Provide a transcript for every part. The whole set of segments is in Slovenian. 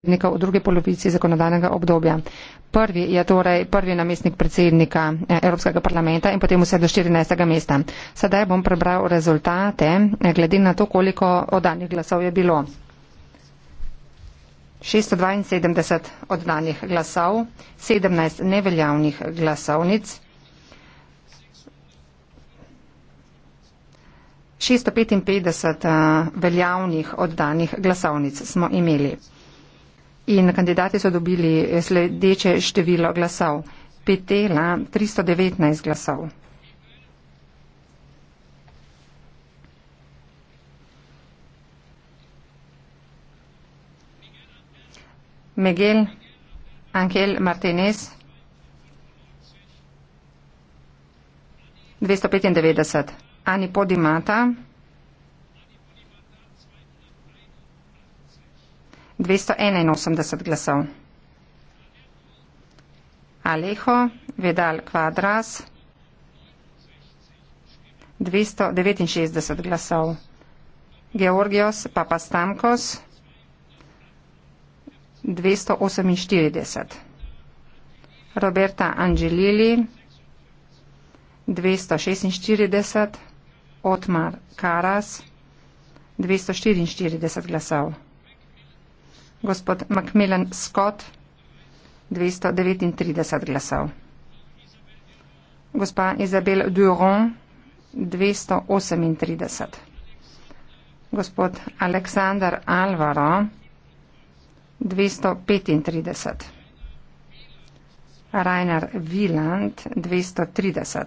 predsednika v drugi polovici zakonodajnega obdobja. Prvi je torej prvi namestnik predsednika eh, Evropskega parlamenta in potem vse do 14. mesta. Sedaj bom prebral rezultate eh, glede na to, koliko oddanih glasov je bilo. 672 oddanih glasov, 17 neveljavnih glasovnic, 655 eh, veljavnih oddanih glasovnic smo imeli in kandidati so dobili sledeče število glasov. Petela 319 glasov. Miguel Angel Martinez 295. Ani Podimata 281 glasov. Alejo Vidal Kvadras 269 glasov. Georgios Papastamkos 248. Roberta Angelili 246. Otmar Karas 244 glasov gospod Macmillan Scott 239 glasov. Gospa Izabel Duron 238. Gospod Aleksandar Alvaro 235. Rainer Wieland 230.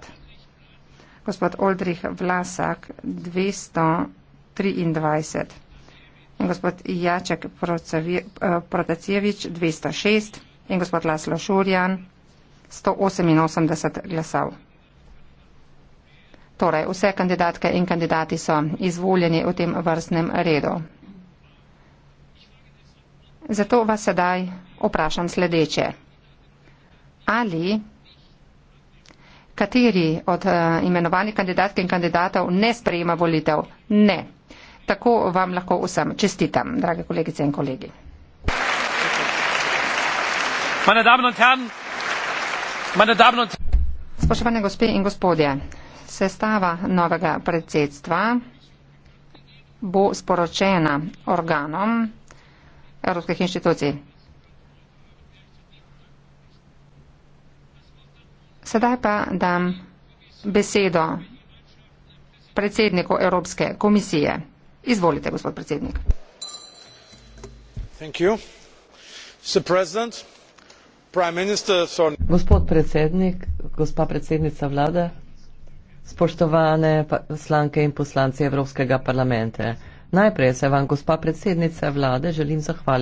Gospod Oldrich Vlasak 223 gospod Jaček Protacijevič 206 in gospod Laslo Šurjan 188 glasov. Torej, vse kandidatke in kandidati so izvoljeni v tem vrstnem redu. Zato vas sedaj vprašam sledeče. Ali kateri od uh, imenovanih kandidatk in kandidatov ne sprejema volitev? Ne. Tako vam lahko vsem čestitam, drage kolegice in kolegi. Spoštovane gospe in gospodje, sestava novega predsedstva bo sporočena organom evropskih inštitucij. Sedaj pa dam besedo predsedniku Evropske komisije. Izvolite, gospod predsednik. Gospod predsednik, gospa predsednica vlade, spoštovane poslanke in poslanci Evropskega parlamenta. Najprej se vam, gospa predsednica vlade, želim zahvaliti.